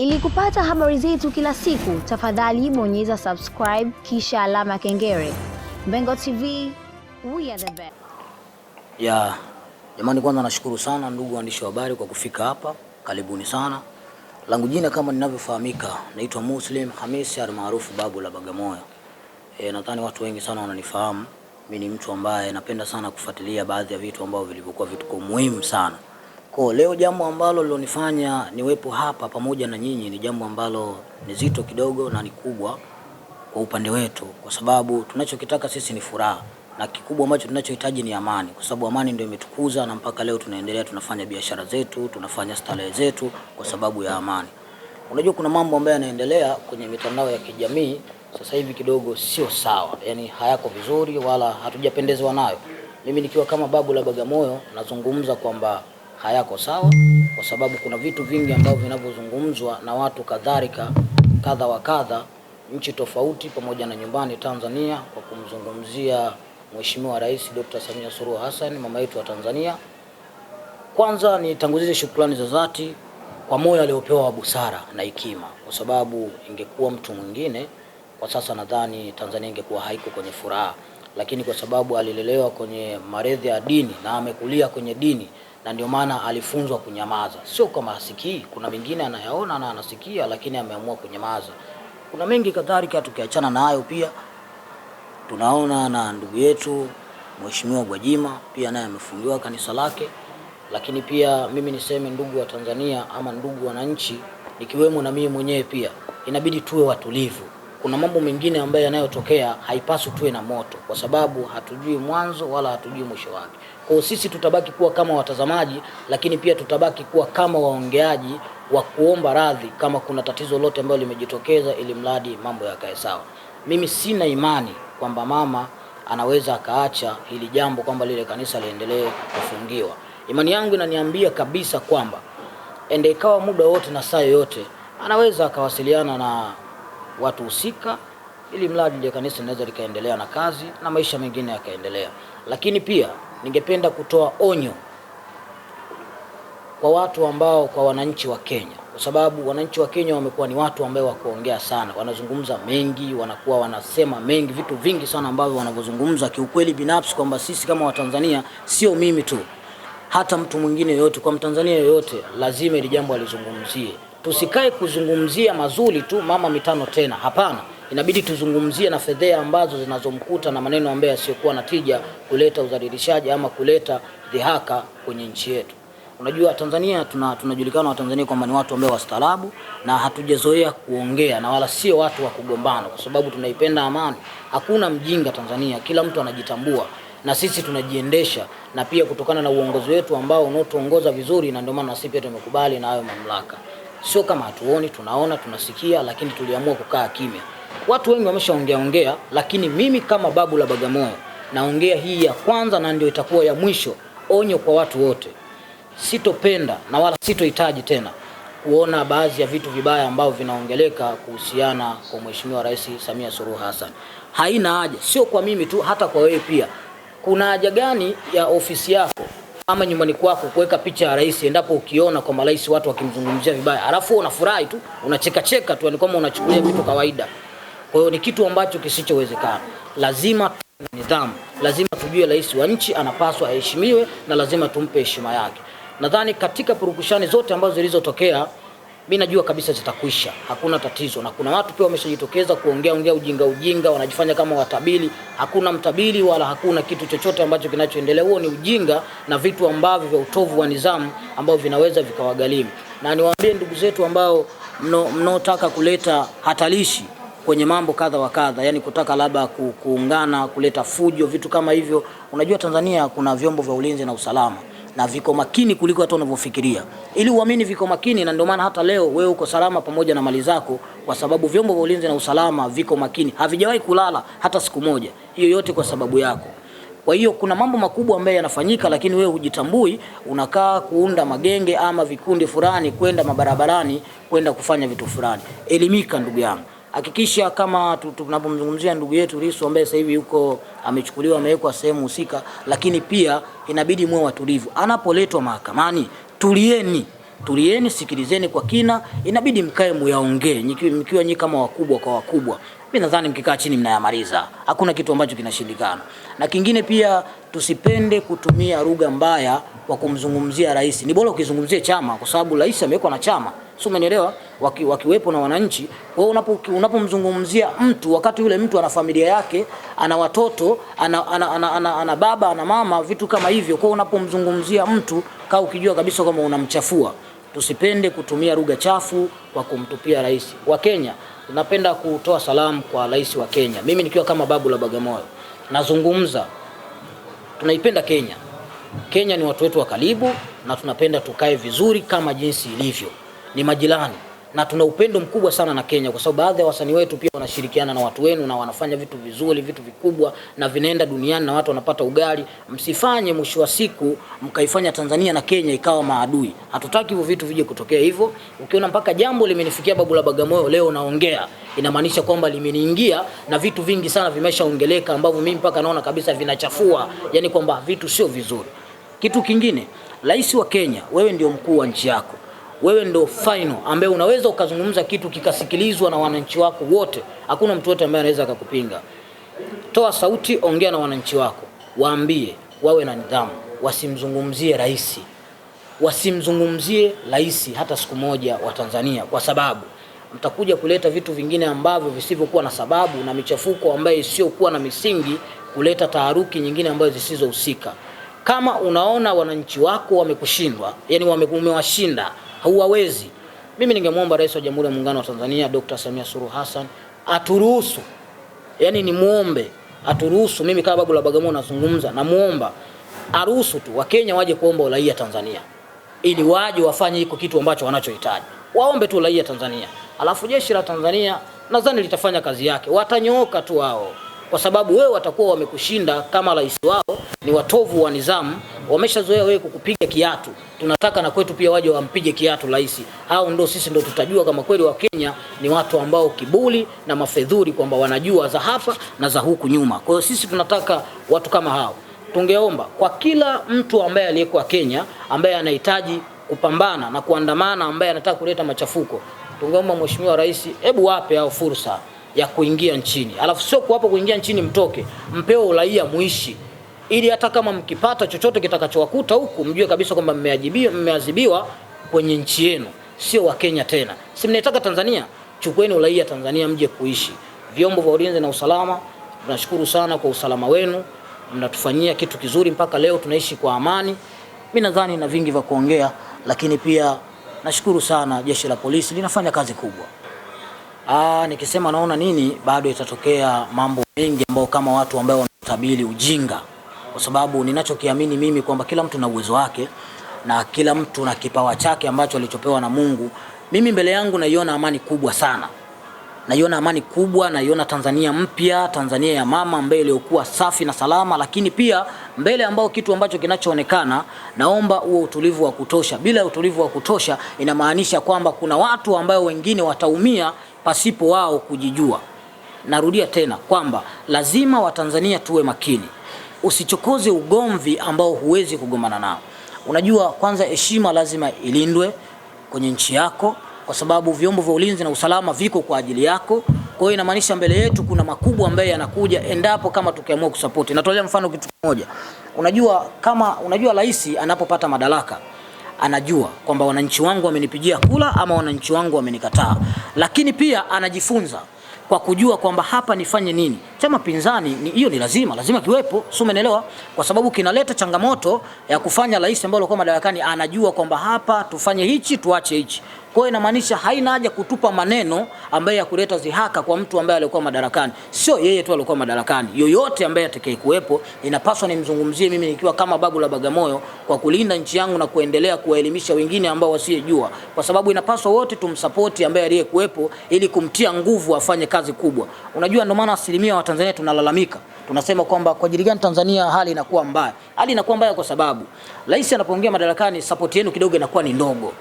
Ili kupata habari zetu kila siku, tafadhali bonyeza subscribe kisha alama kengele. Mbengo TV, we are the best. Ya jamani, kwanza nashukuru sana ndugu waandishi wa habari kwa kufika hapa, karibuni sana. Langu jina kama ninavyofahamika, naitwa Muslim Hamisi almaarufu Babu la Bagamoyo. E, nadhani watu wengi sana wananifahamu. Mimi ni mtu ambaye napenda sana kufuatilia baadhi ya vitu ambavyo vilivyokuwa vitu muhimu sana kwa leo jambo ambalo lilonifanya niwepo hapa pamoja na nyinyi ni jambo ambalo ni zito kidogo na ni kubwa kwa upande wetu, kwa sababu tunachokitaka sisi ni furaha na kikubwa ambacho tunachohitaji ni amani, kwa sababu amani ndio imetukuza na mpaka leo tunaendelea, tunafanya biashara zetu, tunafanya starehe zetu kwa sababu ya amani. Unajua, kuna mambo ambayo yanaendelea kwenye mitandao ya kijamii sasa hivi kidogo sio sawa, yani hayako vizuri wala hatujapendezwa nayo. Mimi nikiwa kama babu la Bagamoyo nazungumza kwamba hayako sawa, kwa sababu kuna vitu vingi ambavyo vinavyozungumzwa na watu kadhalika kadha wa kadha nchi tofauti pamoja na nyumbani Tanzania kwa kumzungumzia Mheshimiwa Rais Dr. Samia Suluhu Hassan mama yetu wa Tanzania. Kwanza nitangulize shukrani za dhati kwa moyo aliopewa wa busara na hekima, kwa sababu ingekuwa mtu mwingine kwa sasa nadhani Tanzania ingekuwa haiko kwenye furaha, lakini kwa sababu alilelewa kwenye maradhi ya dini na amekulia kwenye dini na ndio maana alifunzwa kunyamaza. Sio kama asikii kuna mengine anayaona na anasikia, lakini ameamua kunyamaza. Kuna mengi kadhalika, tukiachana na hayo pia tunaona na ndugu yetu Mheshimiwa Gwajima pia naye amefungiwa kanisa lake. Lakini pia mimi niseme ndugu wa Tanzania ama ndugu wananchi, nikiwemo na mimi mwenyewe pia inabidi tuwe watulivu kuna mambo mengine ambayo yanayotokea haipaswi tuwe na moto, kwa sababu hatujui mwanzo wala hatujui mwisho wake. Kwa hiyo sisi tutabaki kuwa kama watazamaji, lakini pia tutabaki kuwa kama waongeaji wa kuomba radhi kama kuna tatizo lote ambalo limejitokeza, ili mradi mambo yakae sawa. Mimi sina imani kwamba mama anaweza akaacha hili jambo kwamba lile kanisa liendelee kufungiwa. Imani yangu inaniambia kabisa kwamba ende ikawa muda wote na saa yoyote anaweza akawasiliana na watu husika, ili mradi la kanisa linaweza likaendelea na kazi na maisha mengine yakaendelea. Lakini pia ningependa kutoa onyo kwa watu ambao, kwa wananchi wa Kenya, kwa sababu wananchi wa Kenya wamekuwa ni watu ambao wakuongea sana, wanazungumza mengi, wanakuwa wanasema mengi, vitu vingi sana ambavyo wanavyozungumza, kiukweli binafsi kwamba sisi kama Watanzania, sio mimi tu, hata mtu mwingine yoyote, kwa Mtanzania yoyote lazima ili jambo alizungumzie. Tusikae kuzungumzia mazuri tu mama mitano tena, hapana. Inabidi tuzungumzie na fedhea ambazo zinazomkuta na maneno ambayo yasiyokuwa na tija kuleta udhalilishaji ama kuleta dhihaka kwenye nchi yetu. Unajua Tanzania tuna, tunajulikana Watanzania kwamba ni watu ambao wastaarabu na hatujazoea kuongea na wala sio watu wa kugombana, kwa sababu tunaipenda amani. Hakuna mjinga Tanzania, kila mtu anajitambua na sisi tunajiendesha, na pia kutokana na uongozi wetu ambao unaotuongoza vizuri, na ndio maana sisi pia tumekubali na hayo mamlaka sio kama hatuoni, tunaona, tunasikia, lakini tuliamua kukaa kimya. Watu wengi wameshaongea ongea, lakini mimi kama babu la Bagamoyo naongea hii ya kwanza na ndio itakuwa ya mwisho. Onyo kwa watu wote, sitopenda na wala sitohitaji tena kuona baadhi ya vitu vibaya ambavyo vinaongeleka kuhusiana kwa Mheshimiwa Rais Samia Suluhu Hassan. Haina haja, sio kwa mimi tu, hata kwa wewe pia. Kuna haja gani ya ofisi yako ama nyumbani kwako kuweka picha ya rais, endapo ukiona kwamba rais watu wakimzungumzia vibaya, alafu unafurahi tu unacheka cheka tu, ni kama unachukulia vitu kawaida. Kwa hiyo ni kitu ambacho kisichowezekana. Lazima nidhamu, lazima tujue rais wa nchi anapaswa aheshimiwe, na lazima tumpe heshima yake. Nadhani katika purukushani zote ambazo zilizotokea mi najua kabisa zitakwisha, hakuna tatizo. Na kuna watu pia wameshajitokeza kuongea ongea ujinga ujinga, wanajifanya kama watabili. Hakuna mtabili wala hakuna kitu chochote ambacho kinachoendelea. Huo ni ujinga na vitu ambavyo vya utovu wa nidhamu ambavyo vinaweza vikawagalimu na niwaambie ndugu zetu ambao mnaotaka mno kuleta hatarishi kwenye mambo kadha wa kadha, yani kutaka labda kuungana kuleta fujo, vitu kama hivyo. Unajua Tanzania kuna vyombo vya ulinzi na usalama na viko makini kuliko hata unavyofikiria, ili uamini viko makini. Na ndio maana hata leo wewe uko salama pamoja na mali zako, kwa sababu vyombo vya ulinzi na usalama viko makini, havijawahi kulala hata siku moja. Hiyo yote kwa sababu yako. Kwa hiyo kuna mambo makubwa ambayo yanafanyika, lakini wewe hujitambui, unakaa kuunda magenge ama vikundi fulani, kwenda mabarabarani, kwenda kufanya vitu fulani. Elimika ndugu yangu hakikisha kama tunapomzungumzia ndugu yetu Lissu ambaye sasa hivi yuko amechukuliwa amewekwa sehemu husika, lakini pia inabidi muwe watulivu anapoletwa mahakamani. Tulieni, tulieni, sikilizeni kwa kina, inabidi mkae muyaongee mkiwa nyi kama wakubwa kwa wakubwa. Mimi nadhani mkikaa chini mnayamaliza, hakuna kitu ambacho kinashindikana. Na kingine pia tusipende kutumia lugha mbaya kwa kumzungumzia rais. Ni bora ukizungumzie chama, kwa sababu rais amewekwa na chama, si umenielewa? waki, wakiwepo na wananchi. Wewe unapomzungumzia mtu wakati yule mtu ana familia yake, ana watoto, ana, ana, ana, ana, ana baba, ana mama, vitu kama hivyo. Kwa unapomzungumzia mtu kaa ukijua kabisa kama unamchafua. Tusipende kutumia lugha chafu kwa kumtupia rais wa Kenya. Napenda kutoa salamu kwa rais wa Kenya, mimi nikiwa kama babu la Bagamoyo nazungumza. Tunaipenda Kenya, Kenya ni watu wetu wa karibu, na tunapenda tukae vizuri kama jinsi ilivyo, ni majirani na tuna upendo mkubwa sana na Kenya kwa sababu baadhi ya wasanii wetu pia wanashirikiana na watu wenu na wanafanya vitu vizuri, vitu vikubwa na vinaenda duniani na watu wanapata ugali. Msifanye mwisho wa siku mkaifanya Tanzania na Kenya ikawa maadui. Hatutaki hivyo vitu vije kutokea hivyo. Ukiona mpaka jambo limenifikia babu la Bagamoyo leo naongea, inamaanisha kwamba limeniingia na vitu vingi sana vimeshaongeleka ambavyo mimi mpaka naona kabisa vinachafua, yani kwamba vitu sio vizuri. Kitu kingine, rais wa Kenya, wewe ndio mkuu wa nchi yako wewe ndio final ambaye unaweza ukazungumza kitu kikasikilizwa na wananchi wako wote. Hakuna mtu wote ambaye anaweza akakupinga. Toa sauti, ongea na wananchi wako, waambie wawe na nidhamu, wasimzungumzie rais, wasimzungumzie rais hata siku moja wa Tanzania, kwa sababu mtakuja kuleta vitu vingine ambavyo visivyokuwa na sababu na michafuko ambayo isiyokuwa na misingi, kuleta taharuki nyingine ambayo zisizohusika. Kama unaona wananchi wako wamekushindwa, yani umewashinda hauwawezi. Mimi ningemwomba Rais wa Jamhuri ya Muungano wa Tanzania Dr. Samia Suluhu Hassan aturuhusu, yani ni muombe aturuhusu, mimi kama babu la Bagamoyo nazungumza, namuomba aruhusu tu Wakenya waje kuomba uraia Tanzania, ili waje wafanye iko kitu ambacho wanachohitaji, waombe tu uraia Tanzania, alafu jeshi la Tanzania nadhani litafanya kazi yake, watanyooka tu wao, kwa sababu wewe watakuwa wamekushinda kama rais wao ni watovu wa nidhamu. Wameshazoea wewe kukupiga kiatu, tunataka na kwetu pia waje wampige kiatu rais, au ndo sisi ndo tutajua kama kweli wa Kenya ni watu ambao kiburi na mafedhuri kwamba wanajua za hapa na za huku nyuma. Kwa hiyo sisi tunataka watu kama hao. Tungeomba kwa kila mtu ambaye aliyekuwa Kenya ambaye anahitaji kupambana na kuandamana, ambaye anataka kuleta machafuko, tungeomba Mheshimiwa Rais, hebu wape hao fursa ya kuingia nchini, alafu sio kuwapo kuingia nchini mtoke, mpeo uraia muishi ili hata kama mkipata chochote kitakachowakuta huku mjue kabisa kwamba mmeadhibiwa kwenye nchi yenu, sio Wakenya tena. Si mnaitaka Tanzania? Chukueni uraia Tanzania mje kuishi. Vyombo vya ulinzi na usalama, tunashukuru sana kwa usalama wenu, mnatufanyia kitu kizuri mpaka leo tunaishi kwa amani. Mimi nadhani na vingi vya kuongea, lakini pia nashukuru sana jeshi la polisi linafanya kazi kubwa. Aa, nikisema naona nini bado itatokea mambo mengi ambayo kama watu ambao wanatabili ujinga kwa sababu ninachokiamini mimi kwamba kila mtu na uwezo wake na kila mtu na kipawa chake ambacho alichopewa na Mungu. Mimi mbele yangu naiona amani kubwa sana, naiona amani kubwa, naiona Tanzania mpya, Tanzania ya mama ambayo iliyokuwa safi na salama, lakini pia mbele ambao kitu ambacho kinachoonekana, naomba huo utulivu wa kutosha. Bila utulivu wa kutosha, inamaanisha kwamba kuna watu ambao wengine wataumia pasipo wao kujijua. Narudia tena kwamba lazima Watanzania tuwe makini usichokoze ugomvi ambao huwezi kugombana nao. Unajua, kwanza heshima lazima ilindwe kwenye nchi yako, kwa sababu vyombo vya ulinzi na usalama viko kwa ajili yako. Kwa hiyo inamaanisha mbele yetu kuna makubwa ambayo yanakuja endapo kama tukiamua kusapoti. Natolea mfano kitu kimoja, unajua kama unajua, rais anapopata madaraka anajua kwamba wananchi wangu wamenipigia kula ama wananchi wangu wamenikataa, lakini pia anajifunza kwa kujua kwamba hapa nifanye nini. Chama pinzani hiyo ni, ni lazima lazima kiwepo, si umeelewa? Kwa sababu kinaleta changamoto ya kufanya rais ambaye alikuwa madarakani anajua kwamba hapa tufanye hichi tuache hichi. Kwa hiyo inamaanisha haina haja kutupa maneno ambayo ya kuleta zihaka kwa mtu ambaye alikuwa madarakani. Sio yeye tu alikuwa madarakani, yoyote ambaye atakaye kuwepo inapaswa nimzungumzie mimi nikiwa kama babu la Bagamoyo, kwa kulinda nchi yangu na kuendelea kuwaelimisha wengine ambao wasiyejua, kwa sababu inapaswa wote tumsapoti ambaye aliyekuwepo, ili kumtia nguvu afanye kazi kubwa. Unajua, ndio maana asilimia wa Tanzania tunalalamika, tunasema kwamba kwa ajili gani Tanzania hali inakuwa mbaya? Hali inakuwa mbaya kwa sababu rais anapoongea madarakani, sapoti yenu kidogo inakuwa ni ndogo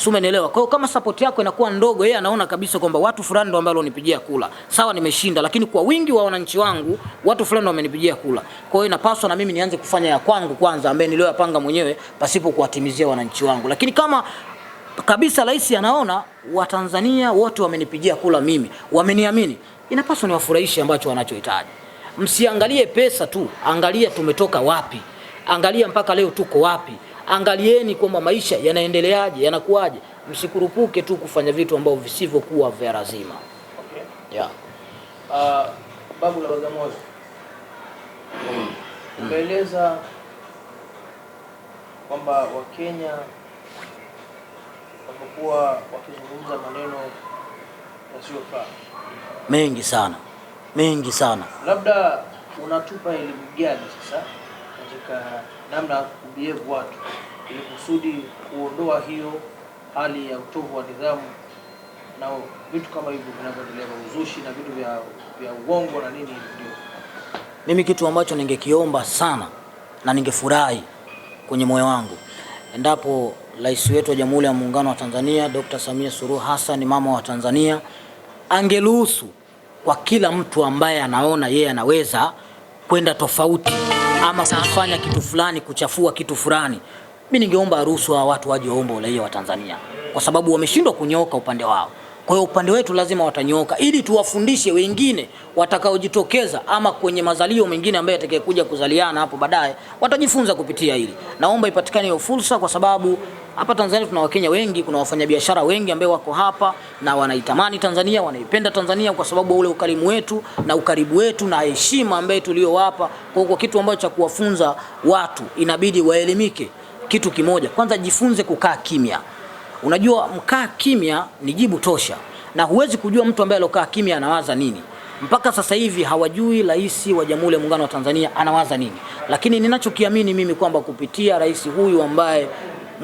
si umeelewa? Kwa hiyo kama support yako inakuwa ndogo, yeye anaona kabisa kwamba watu fulani ndio ambao wanipigia kula, sawa, nimeshinda, lakini kwa wingi wa wananchi wangu watu fulani ndio wamenipigia kula. Kwa hiyo inapaswa na mimi nianze kufanya ya kwangu kwanza, ambaye niliyoyapanga mwenyewe pasipo kuwatimizia wananchi wangu, lakini kama kabisa rais anaona Watanzania wote wamenipigia kula mimi, wameniamini, inapaswa niwafurahishe ambacho wanachohitaji. Msiangalie pesa tu, angalia tumetoka wapi, angalia mpaka leo tuko wapi. Angalieni kwamba maisha yanaendeleaje, yanakuwaje. Msikurupuke tu kufanya vitu ambavyo visivyokuwa vya lazima. Okay. Yeah. Uh, babu la Bagamoyo mm. Mm. umeeleza kwamba Wakenya wamekuwa wakizungumza maneno yasiyofaa mengi sana mengi sana, labda unatupa elimu gani sasa katika namna ya watu ili kusudi kuondoa hiyo hali ya utovu wa nidhamu na vitu kama hivyo vinavyoendelea uzushi na vitu vya, vya uongo na nini. Ndio mimi kitu ambacho ningekiomba sana na ningefurahi kwenye moyo wangu endapo rais wetu wa Jamhuri ya Muungano wa Tanzania Dr. Samia Suluhu Hassan, mama wa Tanzania, angeruhusu kwa kila mtu ambaye anaona yeye anaweza kwenda tofauti ama kufanya kitu fulani, kuchafua kitu fulani, mimi ningeomba ruhusa wa watu waje waombe uraia wa Tanzania, kwa sababu wameshindwa kunyooka upande wao. Kwa hiyo upande wetu lazima watanyooka, ili tuwafundishe wengine watakaojitokeza ama kwenye mazalio mengine ambayo yatakayekuja kuzaliana hapo baadaye, watajifunza kupitia hili. Naomba ipatikane hiyo fursa, kwa sababu hapa Tanzania tuna Wakenya wengi, kuna wafanyabiashara wengi ambao wako hapa na wanaitamani Tanzania, wanaipenda Tanzania kwa sababu ule ukarimu wetu na ukaribu wetu na heshima ambayo tuliyowapa. Kwa kwa kitu ambacho cha kuwafunza watu, inabidi waelimike kitu kimoja. Kwanza jifunze kukaa kimya. Unajua, mkaa kimya ni jibu tosha, na huwezi kujua mtu ambaye alokaa kimya anawaza nini. Mpaka sasa hivi hawajui rais wa Jamhuri ya Muungano wa Tanzania anawaza nini, lakini ninachokiamini mimi kwamba kupitia rais huyu ambaye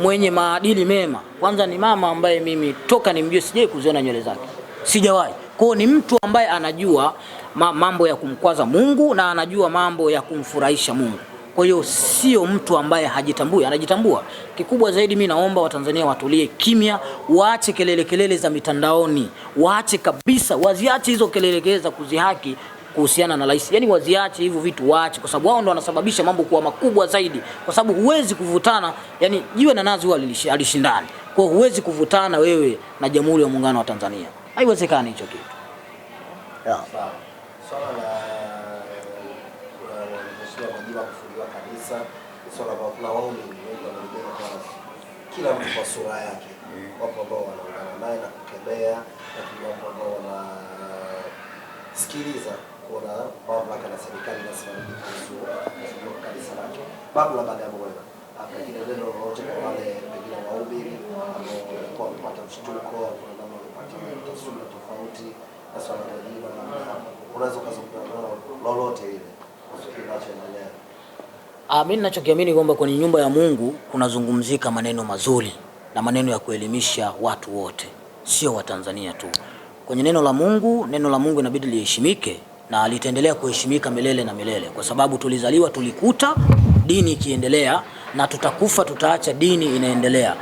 mwenye maadili mema. Kwanza ni mama ambaye mimi toka nimjue sijawahi kuziona nywele zake, sijawahi. Kwao ni mtu ambaye anajua mambo ya kumkwaza Mungu na anajua mambo ya kumfurahisha Mungu. Kwa hiyo sio mtu ambaye hajitambui, anajitambua. Kikubwa zaidi, mi naomba Watanzania watulie kimya, waache kelele kelele za mitandaoni, waache kabisa, waziache hizo kelele kelele za kuzihaki kuhusiana na rais. Yaani waziache hivyo vitu, waache, kwa sababu wao ndo wanasababisha mambo kuwa makubwa zaidi, kwa sababu huwezi kuvutana. Yani jiwe na nazi huwa alishindani, kwa hiyo huwezi kuvutana wewe na Jamhuri ya Muungano wa Tanzania, haiwezekani hicho kitu yeah. kila mtu kwa sura yake. Mm. Wapo ambao wanaungana naye na kukemea, lakini wapo ambao wanasikiliza mi mamlaka na serikali inasimamia kuhusu kanisa lake Bagamoyo ah, neno lolote kwa wale pengine waumini ambao walikuwa wamepata mshtuko, kuna namna taswira tofauti na swala la jina unaweza ukazungumza lolote ile kuhusu kinachoendelea. Ah, mimi ninachokiamini kwamba kwenye nyumba ya Mungu kunazungumzika maneno mazuri na maneno ya kuelimisha watu wote, sio Watanzania tu. Kwenye neno la Mungu, neno la Mungu inabidi liheshimike na litaendelea kuheshimika milele na milele, kwa sababu tulizaliwa tulikuta dini ikiendelea na tutakufa tutaacha dini inaendelea.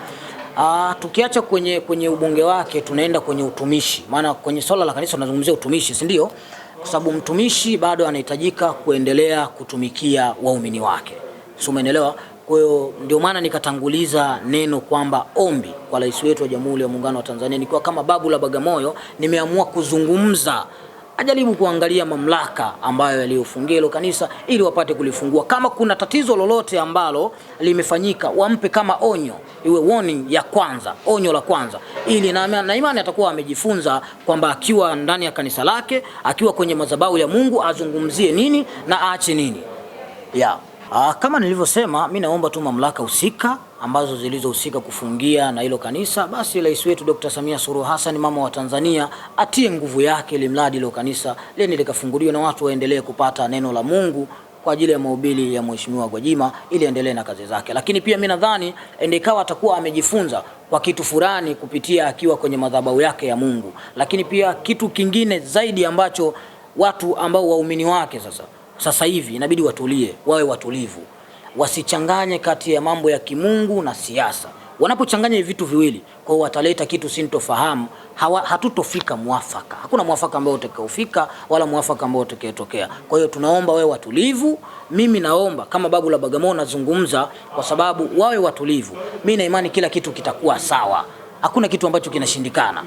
Ah, tukiacha kwenye, kwenye ubunge wake tunaenda kwenye utumishi, maana kwenye swala la kanisa tunazungumzia utumishi, si ndio? Kwa sababu mtumishi bado anahitajika kuendelea kutumikia waumini wake, si umeelewa? Kwa hiyo ndio maana nikatanguliza neno kwamba ombi kwa rais wetu wa Jamhuri ya Muungano wa Tanzania, nikiwa kama babu la Bagamoyo, nimeamua kuzungumza ajaribu kuangalia mamlaka ambayo yaliyofungia hilo kanisa ili wapate kulifungua. Kama kuna tatizo lolote ambalo limefanyika, wampe kama onyo, iwe warning ya kwanza, onyo la kwanza, ili na, na imani atakuwa amejifunza kwamba akiwa ndani ya kanisa lake, akiwa kwenye madhabahu ya Mungu azungumzie nini na aache nini, yeah. Aa, ah, kama nilivyosema mi naomba tu mamlaka husika ambazo zilizohusika kufungia na hilo kanisa, basi rais wetu Dr. Samia Suluhu Hassan mama wa Tanzania atie nguvu yake, ili mradi hilo kanisa leni likafunguliwe na watu waendelee kupata neno la Mungu kwa ajili ya mahubiri ya Mheshimiwa Gwajima ili endelee na kazi zake. Lakini pia mi nadhani endekawa atakuwa amejifunza kwa kitu fulani kupitia akiwa kwenye madhabahu yake ya Mungu. Lakini pia kitu kingine zaidi ambacho watu ambao waumini wake sasa sasa hivi inabidi watulie, wawe watulivu, wasichanganye kati ya mambo ya kimungu na siasa. Wanapochanganya hivi vitu viwili, kwao wataleta kitu sintofahamu, hatutofika mwafaka. Hakuna mwafaka ambao utakaofika wala mwafaka ambao utakayetokea. Kwa hiyo tunaomba wawe watulivu. Mimi naomba kama babu la Bagamoyo nazungumza kwa sababu wawe watulivu. Mimi na imani kila kitu kitakuwa sawa, hakuna kitu ambacho kinashindikana.